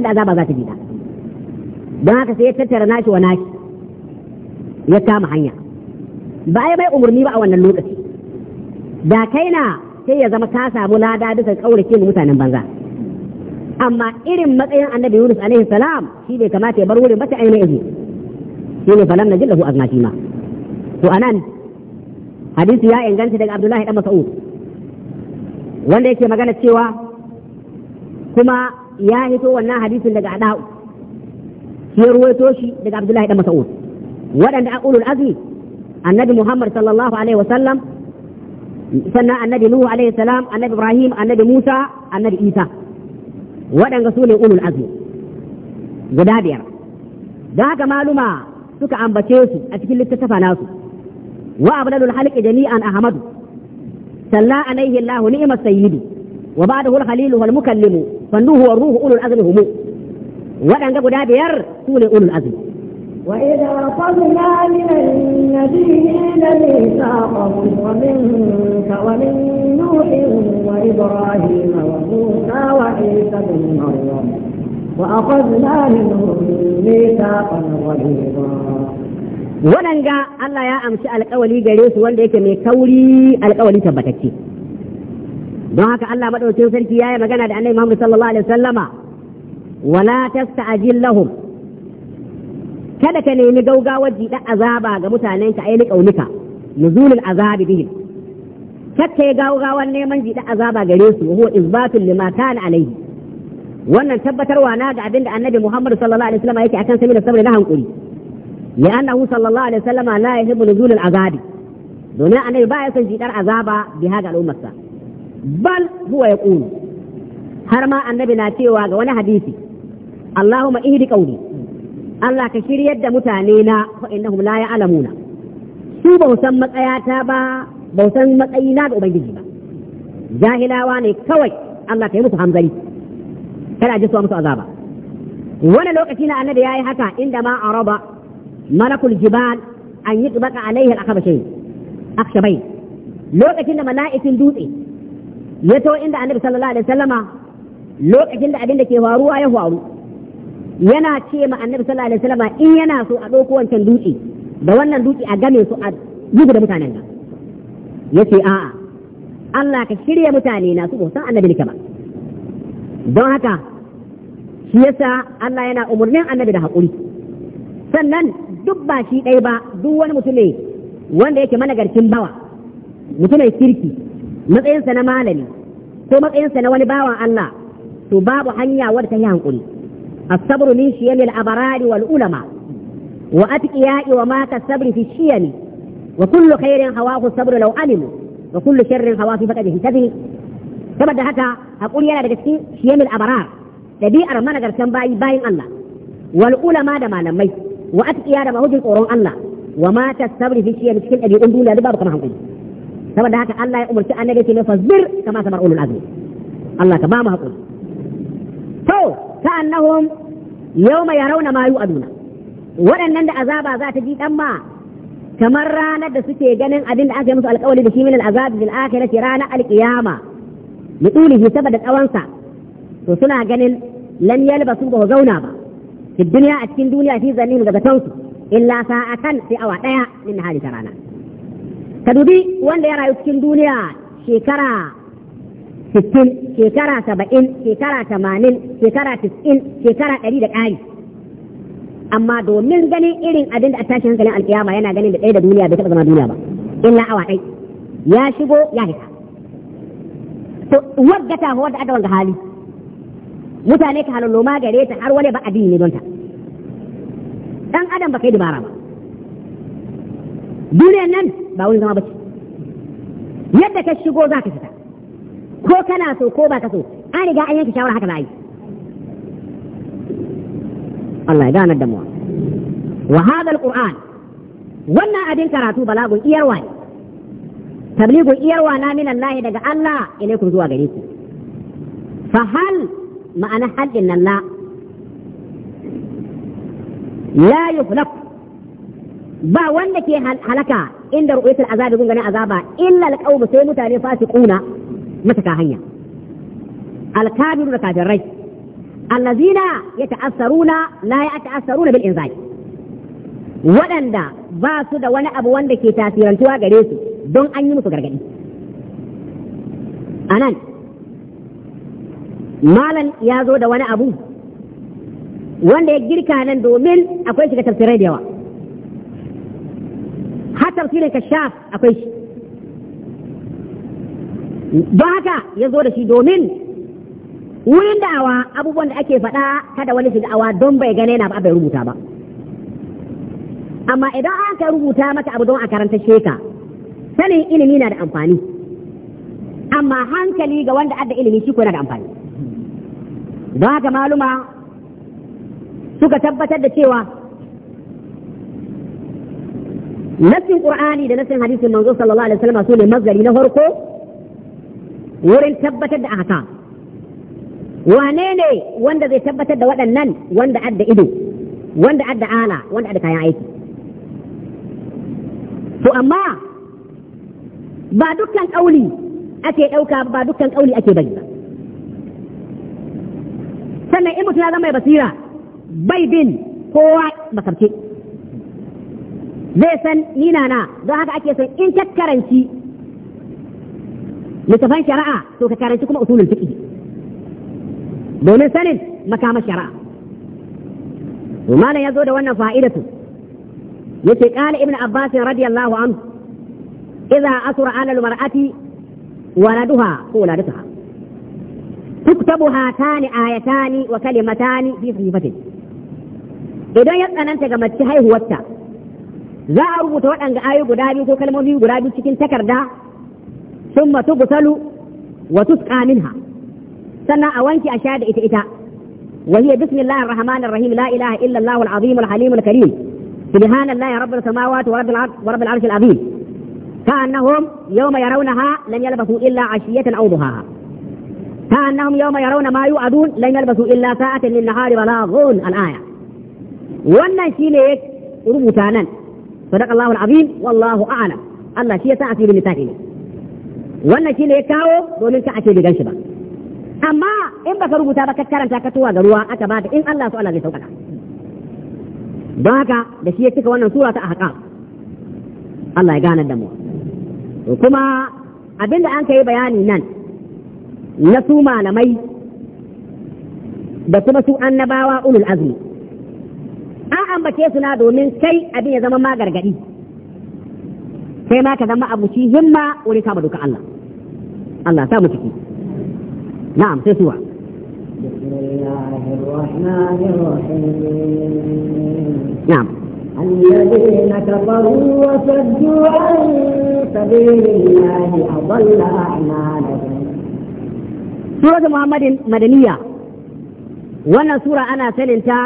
da azaba za ta bi ta don haka sai ya tattara nashi wa nashi ya kama hanya ba a yi mai umarni ba a wannan lokaci da kai na sai ya zama ka samu lada duka kaurace mu mutanen banza amma irin matsayin annabi Yunus alaihi salam shi bai kamata ya bar wurin ba ta shi ne falam na jin najillahu azmati ma to anan hadisi ya inganta daga Abdullahi dan Mas'ud wanda yake magana cewa kuma ya hito wannan hadisin daga adau ya ruwaito shi daga abdullahi dan mas'ud waɗanda ulul azmi annabi muhammad sallallahu alaihi wasallam sannan annabi nuhu alaihi salam annabi ibrahim annabi musa annabi isa waɗanda su ne ulul azmi guda biyar da haka maluma suka ambace su a cikin littattafa nasu wa abdalul halqi jami'an ahmadu salla alaihi allah ni'mat sayyidu wa ba'dahu al khalil wal mukallimu والنوح والروح أولو العزم هم وأن قبل بير سولي أولو العزم وإذا أخذنا من النبيين ميثاقهم ومنك ومن نوح وإبراهيم وموسى وعيسى بن مريم وأخذنا منهم ميثاقا غليظا waɗanga Allah ya amshi alƙawali gare su wanda yake mai kauri alƙawali tabbatacce don haka Allah madaukakin sarki yayi magana da Annabi Muhammad sallallahu alaihi wasallama wala tasta'jil lahum kada ka nemi gaugawar jiɗa azaba ga mutanenka ai kaunika nuzulul azabi bihim kakka ya gaugawar neman jiɗa azaba gare su huwa isbatun lima kana alaihi wannan tabbatarwa na ga abinda annabi Muhammad sallallahu alaihi wasallam yake akan sami da saboda na hankuri li'annahu sallallahu alaihi wasallam la yuhibbu nuzulul azabi domin annabi ba ya son jidar azaba bi haga al'ummarsa bal huwa yaqulu har ma annabi na cewa ga wani hadisi Allahumma ihdi qawli Allah ka shiryar da mutane na fa innahum la ya'lamuna su ba san matsayata ba ba san matsayina ga ubangiji ba jahilawa ne kawai Allah ka yi musu hamzari kada ji su musu azaba wani lokaci na annabi yayi haka inda ma araba malakul jibal an yi tsubaka alaihi al-akhbashayn akhshabayn lokacin da mala'ikin dutse ya to inda annabi sallallahu alaihi wasallama lokacin da abin da ke faruwa ya faru yana ce ma annabi sallallahu alaihi wasallama in yana so a ɗauko wancan dutse da wannan dutse a game su a gudu da mutanen nan yace a'a Allah ka shirya mutane na su san annabi ne ba don haka shi yasa Allah yana umurnin annabi da haƙuri sannan duk ba shi ɗaya ba duk wani mutum ne wanda yake managarcin bawa mutum kirki matsayinsa na malami ko matsayinsa na wani bawan Allah to babu hanya wadda ta yi hankuli abarari wa من شيم الأبرار والعلماء وأتقياء ومات الصبر في الشيم وكل خير هواه الصبر لو علموا وكل شر هواه فقد انتبه saboda haka hakuri yana daga cikin shiyamil abrar dabi'ar managartan bayi bayin Allah wal ulama da malamai wa atqiya da mahujin tsoron Allah wa mata sabri fi shiyam cikin dabi'un duniya da babu kamar hankuli. saboda haka Allah ya umarci annabi ce ne fazbir kama sabar ulul azmi Allah ka ba mu hakuri to ka'annahum yawma yarawna ma yu'aduna waɗannan da azaba za ta ji dan ma kamar ranar da suke ganin abin da aka yi musu alƙawari da shi min al'azab bil akhirati ranar alqiyama bi tulihi saboda tsawansa to suna ganin lan yalbasu ba zauna ba fi duniya a cikin duniya fi zannin ga zatansu illa sa'atan sai awa daya min hali rana ka dubi wanda ya rayu cikin duniya shekara sittin shekara saba'in shekara tamanin shekara tis'in shekara ɗari da ƙari amma domin ganin irin abin da a tashi hankalin alƙiyama yana ganin da ɗaya da duniya bai taɓa zama duniya ba illa awa ɗai ya shigo ya fita to wadda ta wadda aka wanga hali mutane ka halallo ma gare ta har wani ba addini ne don ta dan adam ba kai dubara ba duniyan nan ba wurin zama bace yadda ka shigo za ka fita ko kana so ko ba ka so an riga an yanke shawara haka ba a yi Allah ya ganar da mu wa hadha alquran wannan abin karatu balagun iyarwa ne tabligun iyarwa na minan lahi daga Allah ilaikum zuwa gare ku fa hal ma'ana hal din nan la la yuflak ba wanda ke halaka inda ru'yatul azabi gun ganin azaba illa alqawm sai mutane fasiquna mataka hanya alkabiru da kafirai allazina yata'assaruna la yata'assaruna bil inzali waɗanda ba su da wani abu wanda ke tasirantuwa gare su don an yi musu gargadi anan malam ya zo da wani abu wanda ya girka nan domin akwai shiga tafsirai da yawa tafsirin kashaf akwai shi don haka ya zo da shi domin wurin da'awa abubuwan da ake faɗa kada wani shiga awa don bai gane na ba bai rubuta ba amma idan aka rubuta mata abu don a karanta sheka sanin ilimi na da amfani amma hankali ga wanda adda ilimi shi kuwa na da amfani don haka maluma suka tabbatar da cewa Naskin qur'ani da nasin hadisin manzo sallallahu alaihi wasallam su ne mazari na farko wurin tabbatar da ahkam wane ne wanda zai tabbatar da waɗannan wanda adda ido wanda adda ala wanda adda kayan aiki to amma ba dukkan kauli ake ɗauka ba dukkan kauli ake bari ba sannan in mutum ya zama mai basira bai bin kowa zai san nina na don haka ake son in ka karanci littafan shari'a to ka karanci kuma usulul fiqh domin sanin makama shari'a to malam yazo da wannan fa'idatu yace qala ibnu abbas radiyallahu anhu idza asra ala almar'ati waladuha ko waladatuha tuktabu hatani ayatani wa kalimatani fi sifatin idan ya tsananta ga mace haihuwarta za a rubuta waɗanda ayoyi guda biyu ko kalmomi guda biyu cikin takarda sun matu gusalu wa tusqa minha sannan a wanki a sha da ita ita wa hiya bismillahir rahmanir rahim la ilaha illa allah al azim al halim al karim subhanallahi rabbil samawati wa rabbil arshil azim كأنهم يوم يرونها لم يلبثوا إلا عشية أو ضحاها كأنهم يوم يرون ما يوعدون لم يلبثوا إلا ساعة من نهار بلاغون الآية wannan shi ne ya rubuta nan صدق الله العظيم والله اعلم Allah shi yasa asiri littafi ne wannan shi ne ya kawo domin ka ake bigan shi ba amma in baka rubuta ba ka karanta ka tuwa ga ruwa aka ba in Allah su Allah zai sauƙaƙa don haka da shi ya cika wannan sura ta ahqaf Allah ya gane da mu kuma abinda an kai bayani nan na su malamai da kuma su annabawa ulul azmi ambace suna domin kai abin ya zama ma gargadi sai ma ka zama abuci himma wuri kama duka Allah Allah ta mu ciki na'am sai suwa na'am الذين كفروا وصدوا عن سبيل الله أضل أعمالهم سورة محمد مدنية wannan sura ana saninta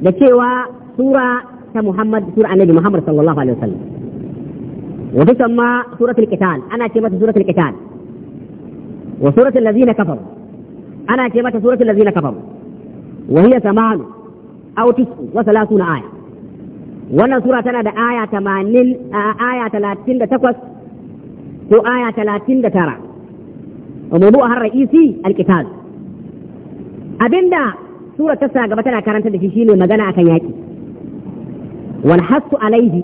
da cewa sura ta Muhammad sura Annabi Muhammad sallallahu alaihi wasallam wa tusamma suratul qital ana ce mata suratul qital wa suratul ladzina kafar ana ce mata suratul ladzina kafar wa hiya samanu aw tis'u wa salasuna aya wannan sura tana da aya 80 aya 38 ko aya 39 وموضوعها الرئيسي القتال abinda. sura ta sa gaba tana karanta da shi shine magana akan yaki wal hasu alaihi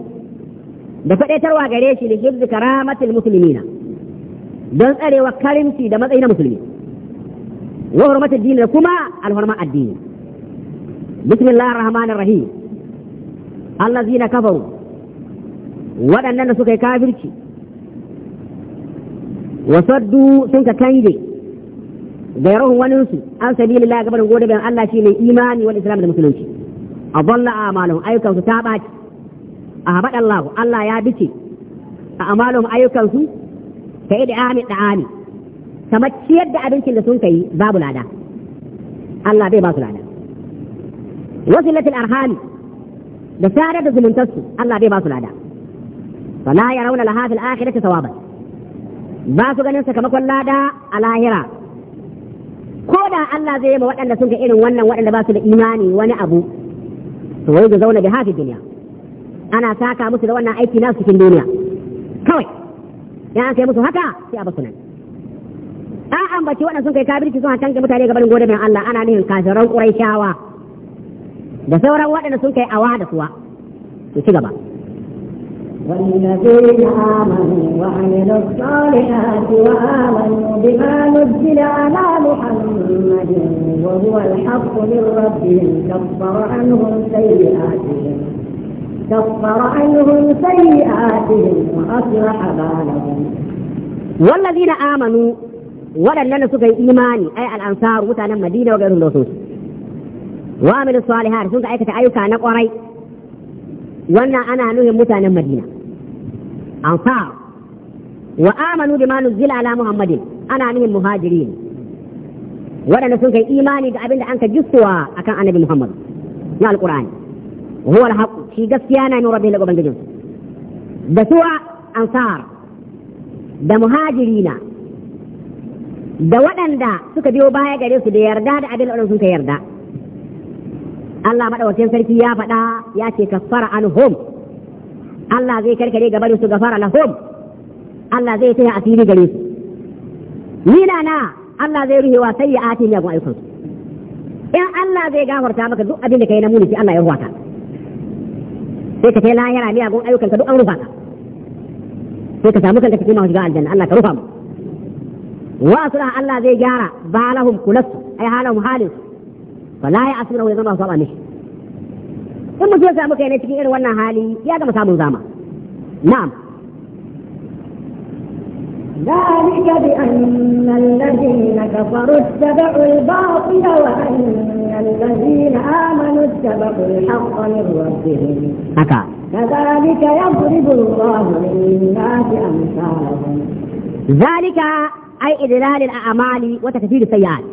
da fadaitarwa gare shi da hibzi karamatil muslimina don tsarewa karimci da matsayi na musulmi wa hurmatul din da kuma alhurma addini bismillahir rahmanir rahim allazina kafaru waɗannan da suka yi kafirci wasaddu sun ka kange gairun wani su an sabilillah gaban gode bayan Allah shine imani wal islam da musulunci adalla a'malahum ayyukan su ta baci ahbad Allah Allah ya bice a amalahum ayyukan su ka idami da'ani kamar ciyar abincin da sun kai babu lada Allah bai ba su lada wasilatul arhami da sadar da zumuntarsu Allah bai ba su lada fala yarawna ganin sakamakon lada a lahira ko da Allah zai yi ma waɗanda sun ga irin wannan waɗanda ba su da imani wani abu to wai ga zauna bi hafi duniya ana saka musu da wannan aiki na cikin duniya kawai ya an musu haka sai a basu nan an ambaci waɗanda sun kai kabirci sun hatanke mutane ga barin mai Allah ana nihin kafiran shawa. da sauran waɗanda sun kai awa da kuwa to ci gaba والذين آمنوا وعملوا الصالحات وآمنوا بما نزل على محمد وهو الحق من ربهم كفر عنهم سيئاتهم كفر عنهم سيئاتهم وأصلح بالهم والذين آمنوا waɗannan suka yi imani ai al'ansar mutanen madina wa garin dosu wa amilu salihat sun ka aikata ayyuka na ƙwarai wannan ana nuhin mutanen madina ansar wa amanu bima nuzila ala muhammadin ana nihin muhajirin waɗanda sun kai imani da abin an ka jissuwa akan annabi muhammad na alqur'ani huwa alhaq shi gaskiya na min rabbil ubangijin da suwa ansar da muhajirina da waɗanda suka biyo baya garesu su da yarda da abin da sun ka yarda Allah madawacin sarki ya faɗa ya ce kaffara anhum Allah zai karkare gabarin su gafara lahum Allah zai taya asiri gare su nina na Allah zai ruhe wa sai ya ati ya aikon su in Allah zai gafarta maka duk abin da kai na muni sai Allah ya ruwa ka sai ka kai lahira ne gun ayyukan ka duk an rufa ka sai ka samu kanka cikin masu shiga aljanna Allah ka rufa mu wa asra Allah zai gyara balahum kulas ai halahum halin fala ya asira wa zama saba mishi in mutum ya samu kai ne cikin irin wannan hali ya gama samun zama na'am ذلك بأن الذين كفروا اتبعوا الباطل وأن الذين آمنوا اتبعوا الحق من ربهم كذلك يضرب الله للناس أمثالهم ذلك أي إدلال الأعمال وتكفير السيئات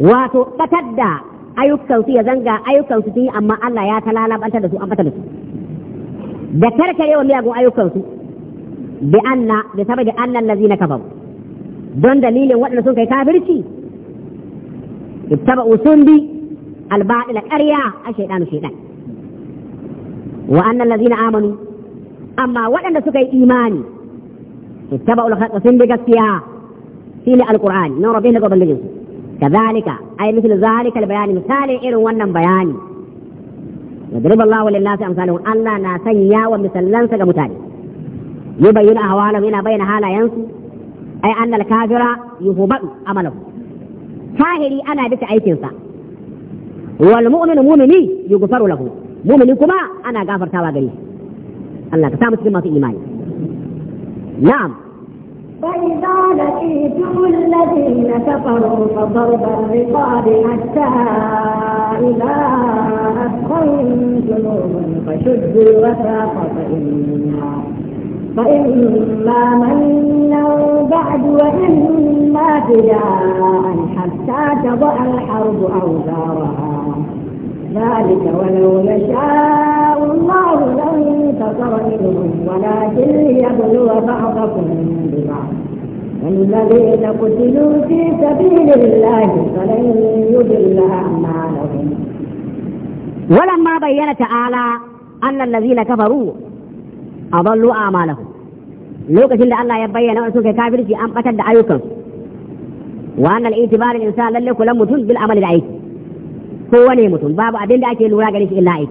وتتدى ayyukansu ya zanga ayyukansu sun yi amma Allah ya ta lalabantar da su an bata da su da karkarewa miyagun ayyukansu bi anna bi saboda annan na kafaru don dalilin waɗanda sun kai kafirci ittaba usun bi da ƙarya a shaidanu shaidan wa annan na amanu amma waɗanda suka yi imani ittaba ulhaqa sun bi gaskiya shine alqur'ani na rabbina gaban lajinsu كذلك أي مثل ذلك البيان مثال إير ونن بياني يضرب الله للناس أمثالهم ألا ناسيا ومثلن سجا متاني يبين أهوالهم هنا بين حالا ينسو أي أن الكافر يهبط عمله كاهري أنا بس أيكنسا والمؤمن مؤمني يغفر له مؤمن كما أنا غافر تاوى الله كتاب سلمة إيماني نعم فإذا لقيتم الذين كفروا فضرب الرقاب حتى إذا جنوبا فشدوا الوثاق فإما فإما منا بعد وإما فداء حتى تضع الحرب أوزارها ذلك ولو يشاء الله لن ولكن ليبلو بعضكم من ببعض والذين قتلوا في سبيل الله فلن يضل اعمالهم ولما بين تعالى ان الذين كفروا اضلوا اعمالهم لوكاشين ده الله يبين لو سوك كافر في ام قتل ده وان الاعتبار الانسان لن يكون متون بالعمل العيد هو ني متون باب ابين ده اكي لورا غني الا عيد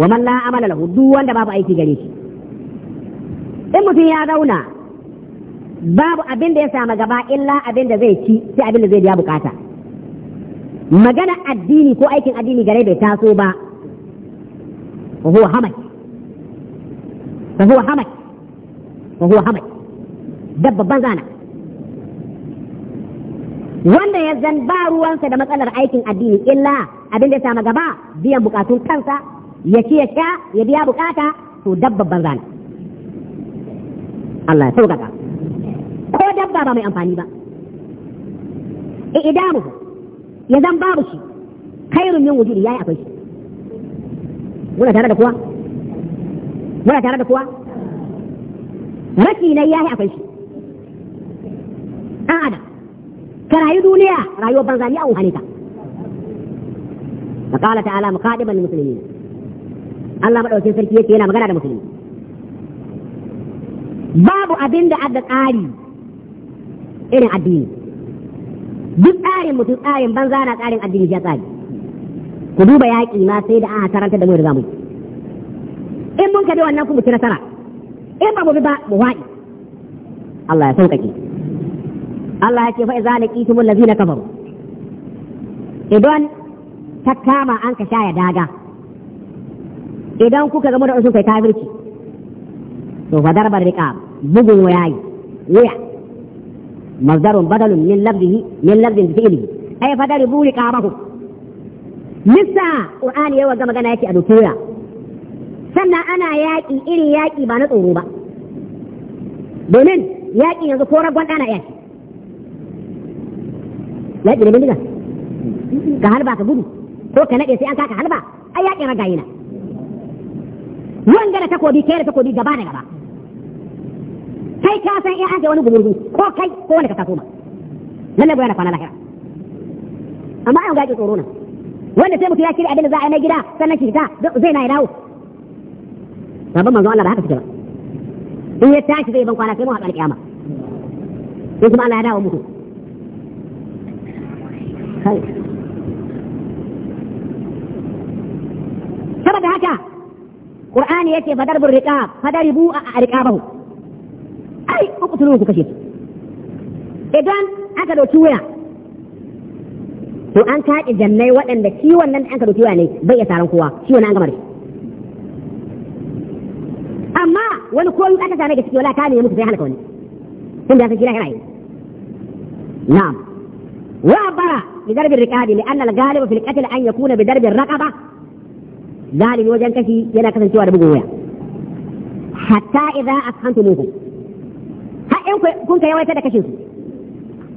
wa man la amala lahu duk wanda babu aiki gare shi in mutum ya zauna babu abin da ya samu gaba illa abin da zai ci sai abin da zai biya bukata magana addini ko aikin addini gare bai taso ba wa huwa hamak fa huwa hamak huwa hamak dabban zana wanda ya zan ba ruwansa da matsalar aikin addini illa abin da ya samu gaba biyan bukatun kansa ya ci ya sha ya biya bukata to dabba banza ne Allah ya sauƙaƙa ko dabba ba mai amfani ba idamu ya zan babu shi khairun min wujudi yayi akwai shi muna tare da kuwa muna tare da kuwa rashi na yayi akwai shi an adam ka rayu duniya rayuwar banzani a wuhanita فقال تعالى مخاطبا للمسلمين Allah maɗaukin sarki yake yana magana da musulmi babu abin da adda tsari irin addini duk tsarin mutum tsarin banza na tsarin addini ya tsari ku duba yaƙi ma sai da aka karanta da mu da zamu in mun kabi wannan kuma ci nasara in ba mu bi ba mu waɗi Allah ya sauƙaƙe Allah ya ce fa idza laqitumul na kafaru idan ta kama an ka shaya daga idan kuka zama da wasu kai kafirci to fa darbar riqab bugun wayayi waya mazdarun badalun min labdihi min labdin fi'li ay fa daribu riqabahu lissa qur'ani yawa ga magana yake a dukiya sannan ana yaƙi irin yaƙi ba na tsoro ba domin yaki yanzu ko ragon ɗana yaƙi yaƙi da bindiga ka halba ka gudu ko ka naɗe sai an kaka halba ai yaƙi ragayina na wanga da takobi kai da takobi gaba da gaba kai ka san in an ga wani gumurzu ko kai ko wanda ka taso ma lalle goya na kwana lahira amma an gaji tsoro nan wanda sai mutum ya kiri abin da za a yi na gida sannan ki ta zai na ya dawo babban manzo Allah ba haka suke ba in ya tashi zai ban kwana sai mu haɗa alƙiyama sai kuma Allah ya dawo mutu saboda haka qur'ani yace fadar bur riqab fadaribu a riqabahu ai ku kutulu ku kashe idan aka dauki waya to an kaɗe jannai waɗanda shi wannan da an ka dauki waya ne bai ya taron kowa shi wannan an gama da amma wani koyi aka same ga ciki wala ka ne mutu sai halaka wani tunda san shi lahira yi na'am wa bara بضرب الرقاب لأن الغالب في القتل أن يكون بضرب الرقبة galibi wajen kashi yana kasancewa da bugun waya hatta idan ashantu minkum har in kun ka yawaita da kashin su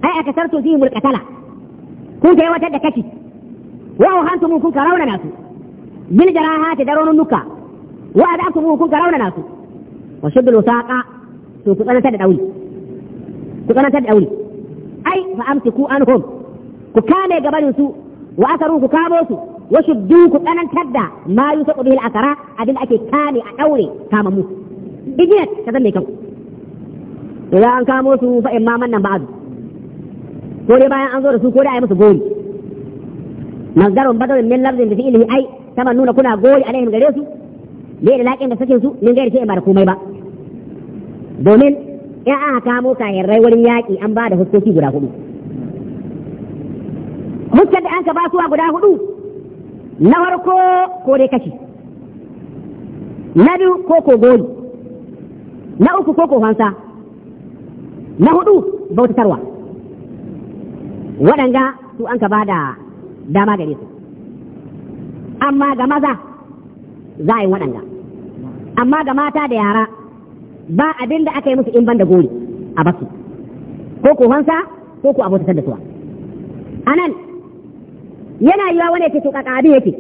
ai akasartu fihi mulqatala kun ka yawaita da kashi wa ahantum kun ka rauna nasu bil jarahati daronun nuka wa adakum kun ka rauna nasu wa shuddul wasaqa to ku tsananta da dauri ku tsananta da dauri ai fa amsiku anhum ku kame gabanin su wa asaru ku kamo su wasu duku ku tsanantar da ma yi bihi al-akara abin ake kame a ɗaure kama mu igiyar ta zan mai kyau ya an kamo su fa imma mannan ba'du ko dai bayan an zo da su ko dai a yi musu gori mazdarun badalin min lafzin da fi'ilihi ai taman nuna kuna gori alaihim gare su bai da laƙin da sakin su min gairi sai ba da komai ba domin in aka kamo kahirrai wurin yaƙi an ba da huskoki guda hudu huskar da an ka ba suwa guda hudu na farko ko dai kashi na biyu ko ko goli na uku ko ko fansa na hudu bautatarwa waɗanda su an ka ba da dama gare su amma ga maza za a yi waɗanda amma ga mata da yara ba abin da aka yi musu in ban da goli a basu ko ko fansa ko ko abota da suwa anan yana yiwa wani yake to kaka yake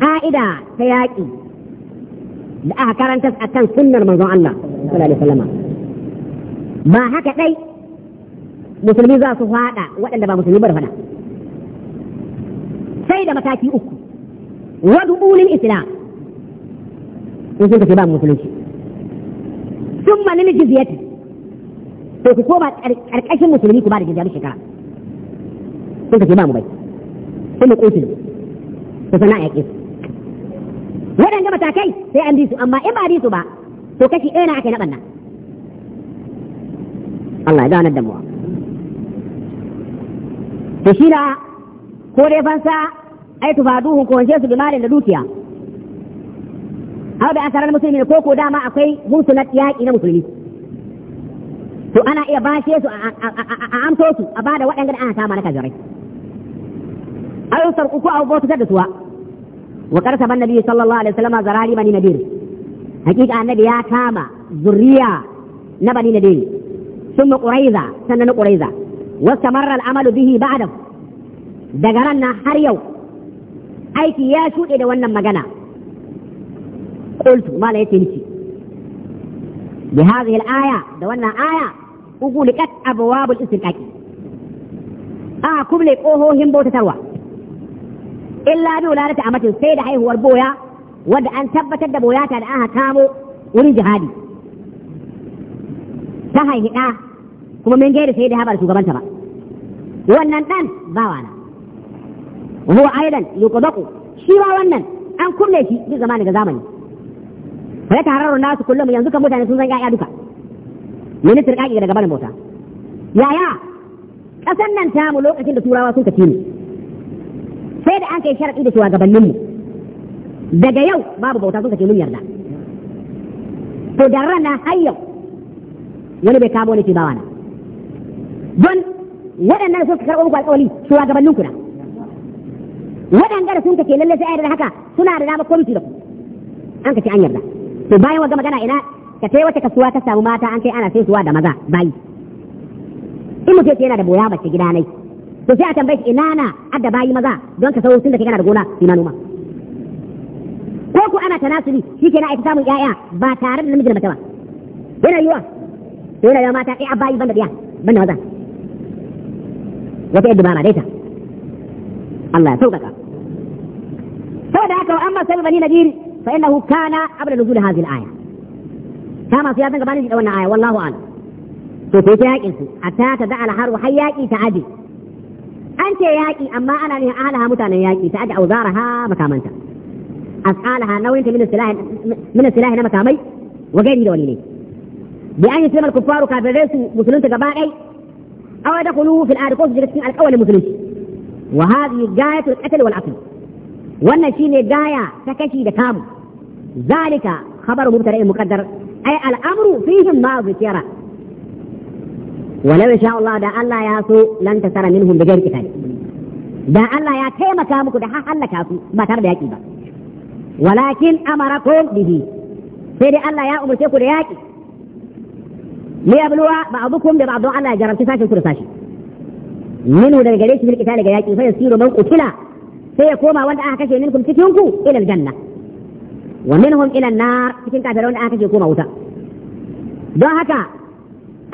ka'ida ta yaƙi da aka karanta a kan sunnar manzon Allah sallallahu alaihi ba haka dai musulmi za su fada waɗanda ba musulmi bar fada sai da mataki uku wad'u lil islam in sun kace ba musulunci summa lil jizyati to ku koma karkashin musulmi ku ba da jizya shekara sun kake ba mu bai sun kutu su sana ya kisu waɗanda matakai sai an bi su amma in ba bi su ba to kashi ɗaya na aka na ɓanna Allah ya ganar da mu to shi da ko dai fansa ai tufaduhu ko wance su bimalin da dukiya Hau da asarar musulmi ko ko dama akwai musulat yaƙi na musulmi to ana iya bashe su a amso su a bada waɗanda ana samu na kazarai aw sarkuku aw botu da suwa wa karsa ban nabi sallallahu alaihi wasallam zarari bani nadir hakika annabi ya kama zuriya na bani nadir ثم قريظة سنن قريظة واستمر العمل به بعده دقرنا هر يوم aiki ya shuɗe da wannan magana qultu mala yace niki bi hadhihi al-aya da wannan aya ugulikat abwabul istiqaqi a kumle kohohin bautatarwa In illa bi wulalati amatin sai da haihuwar boya wadda an tabbatar da boyata da aka kamo wurin jihadi ta haihi ɗa kuma min gaida sai da haɓar shugabanta ba wannan ɗan bawa na huwa aidan yuqdaqu shi ba wannan an kulle shi duk zamani da zamani fa ya tararu nasu kullum yanzu kan mutane sun san yaya duka ministir kaki daga barin bauta yaya ƙasar nan ta mu lokacin da turawa sun kace ni da an kai sharaɗi da cewa mu daga yau babu bauta sun ka ce mun yarda to da rana har yau wani bai kamo ne ce bawa na don waɗannan sun ka karɓo muku alƙawari gabanin ku na waɗanda sun ka ce lalle sai yarda haka suna da dama komiti da ku an ka ce an yarda to bayan wagga magana ina ka tai wata kasuwa ta samu mata an kai ana sai suwa da maza bayi in mutum yana da boya mace gida nai to sai a tambaye shi ina na adda bayi maza don ka sau tun da kai kana da gona shi ma noma ko ku ana tanasuli na aiki samun yaya ba tare da namiji da mace ba yana yiwa yana yiwa mata ɗaya bayi banda ɗaya banda maza wata yadda ba ma daita Allah ya sauƙaƙa saboda haka wa amma sai bani nadir fa innahu kana abda nuzul hadhihi al-aya Ta masu yasan san gabanin da wannan aya wallahu a'lam to sai yakin su hatta ta da al-har wa hayyaki ta adi an ce yaƙi amma ana ne alaha mutanen yaƙi ta aji ha makamanta as'alaha nauyin ta min silahi na makamai wa gairi da wani ne bi an yi sulmar kuffaru kafirai su musulunta gaba ɗai awa da kulu fil ariko su shiga cikin alƙawalin musulunci wa hadhihi gayatul qatl wal aql wannan shine gaya ta kashi da kamu zalika khabaru mubtada'in muqaddar ay al-amru fihim ma zikira walau insha Allah da Allah ya so lan tasara minhum bi ghairi qital da Allah ya taimaka muku da halaka su ba tare da yaki ba walakin amarakum bihi sai dai Allah ya umurce ku da yaki li yabluwa ba'dukum bi ba'd Allah ya jarabta sashi ku da sashi minhu daga gare shi bil qital ga yaki fa man qutila sai ya koma wanda aka kashe minkum wa cikin wanda aka kashe koma wuta don haka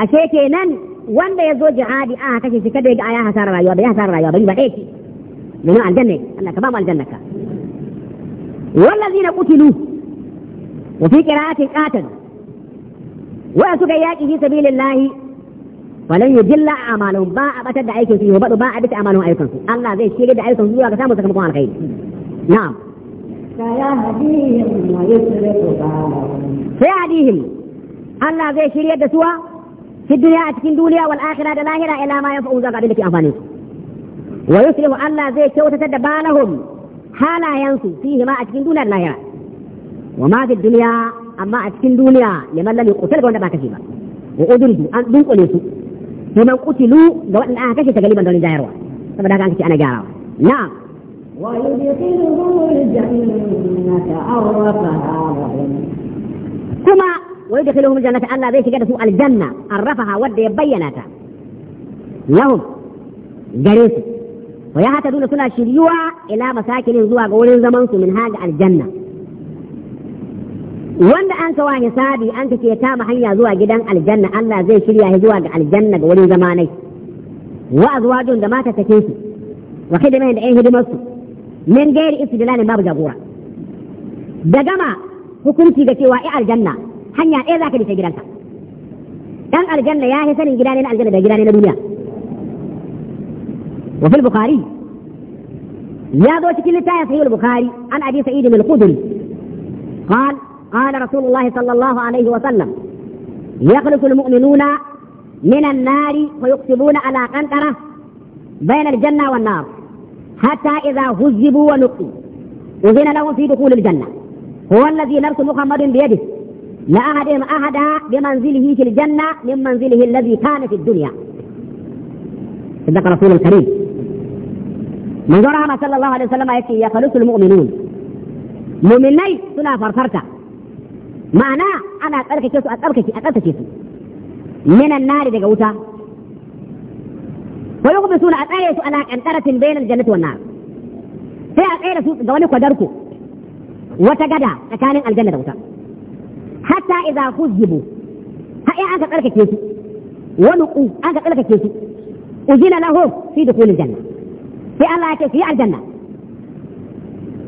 ashe wanda ya zo jihadi a kashe shi kada ya ya hasara rayuwa bai hasara rayuwa bai ba ɗaya ce domin aljanna Allah ka ba mu aljanna ka wallazina qutilu wa fi qira'atin qatil wa suka yaqi fi sabilillahi falan yujilla amalun ba a batar da aikin su ba ba a bita amalun aikin su Allah zai shirye da aikin su zuwa ga samun sakamakon alkhairi na'am sayahdihim wa Allah zai shirye da suwa في الدنيا أتكين دوليا والآخرة دلاهرة إلى ما ينفعون زقع بلك أفاني ويسلم الله زي كوتة دبالهم حالا ينسو فيه ما أتكين دوليا اللاهرة وما في الدنيا أما أتكين دوليا لمن لم يقتل قلنا ما كشيبا وأدرجوا أن دون قليسوا لمن قتلوا قوات الآن آه كشي تقريبا دون الجاهروا فبدا كان كشي أنا جارا نعم ويدخلهم الجنة عرفها لهم كما ويدخلهم الجنة الله ذي شقد سوء الجنة عرفها ود يبيناتها لهم جريس ويهتدون سنة شريوة إلى مساكن زوا قول زمن من هذا الجنة wanda an kawa hisabi an kace kama hanya zuwa gidan aljanna Allah zai shirya shi zuwa ga aljanna ga wurin zamanai wa azwajun da mata take su wa hidimai da ayin hidimar su min babu jagora da gama hukunci ga cewa ai aljanna هنيا إيه ذاك اللي سجلتها كان الجنة يا هي سن الجنة لا الجنة بجنة الدنيا وفي البخاري يا ذو كل تاي في البخاري عن أبي سعيد من القدري قال قال رسول الله صلى الله عليه وسلم يخلص المؤمنون من النار فيقصبون على قنطرة بين الجنة والنار حتى إذا هزبوا ونقي أذن لهم في دخول الجنة هو الذي نرس محمد بيده لا أحد أحد بمنزله في الجنة من منزله الذي كان في الدنيا صدق رسول الكريم من ما صلى الله عليه وسلم يكي يخلص المؤمنون لي سنة فرفرتا معنى أنا أتركك كيسو أتركك أتركك كيسو من النار دقوتا ويغمسون أتأيسوا على أنقرة بين الجنة والنار هي a tsaye da su ga الجنة kwadarko hatta idza hujibu ha in eh, aka tsarkake su wa nuqu aka tsarkake su ujila lahu fi dukhulil janna sai Allah ya ce fi aljanna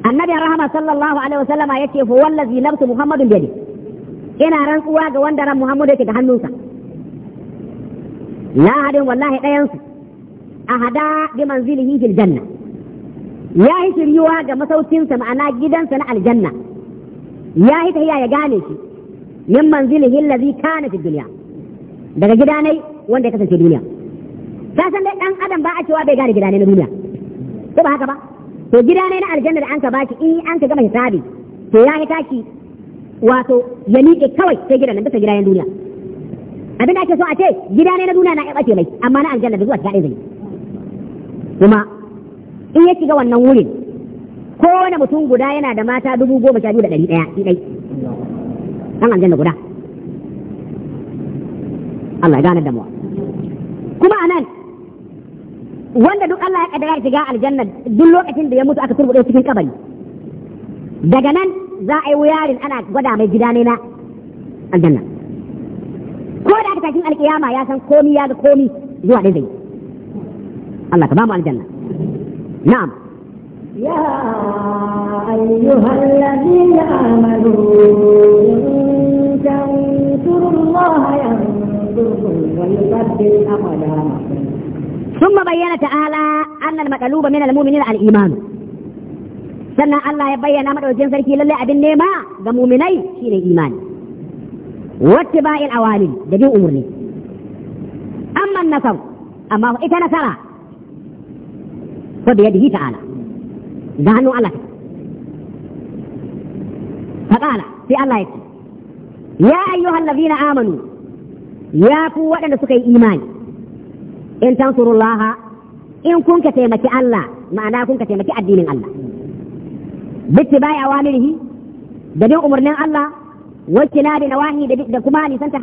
annabi rahama sallallahu alaihi wasallama yace fa wallazi nafsu muhammadun biyadi ina rantsuwa ga wanda ran muhammadu yake da hannunsa la hadin wallahi dayan su ahada bi manzilihi fil janna ya yi shiryuwa ga masaukinsa ma'ana gidansa na aljanna ya yi tahiya ya gane shi min manzilihi allazi kana fi dunya daga gidanai wanda ya kasance duniya ka san dai dan adam ba a cewa bai gane gidanai na duniya ko ba haka ba to gidanai na aljanna da an ka baki in an ka gama hisabi to ya hita ki wato ya miƙe kawai sai gidan nan gidanai na duniya abin da ake so a ce gidanai na duniya na ya bace mai amma na aljanna da zuwa ta zai kuma in ya shiga wannan wurin kowane mutum guda yana da mata dubu goma sha biyu da ɗari ɗaya ɗai dan aljanna guda Allah ya gane da mu kuma anan wanda duk Allah ya kaddara ya shiga aljanna duk lokacin da ya mutu aka turbude cikin kabari daga nan za a yi wuyarin ana gwada mai gida ne na aljanna ko da aka tashin alkiyama ya san komi ya ga komi zuwa da zai Allah ka ba mu aljanna na'am ya ayyuhal الذين amanu ثم بين تعالى أن المطلوب من المؤمنين الإيمان sannan Allah ya bayyana madaukin sarki lalle abin nema ga muminai shine imani wacce ba'il awali da bin umarni amma nasar amma ita nasara ko da yadihi ta'ala da hannun Allah ta faƙala sai Allah ya ce amanu ya ku waɗanda suka yi imani in tansurullaha in kun ka taimaki Allah ma'ana kun ka taimaki addinin Allah bitti bai awamirhi da bin umarnin Allah wacce na da nawahi da kuma nisanta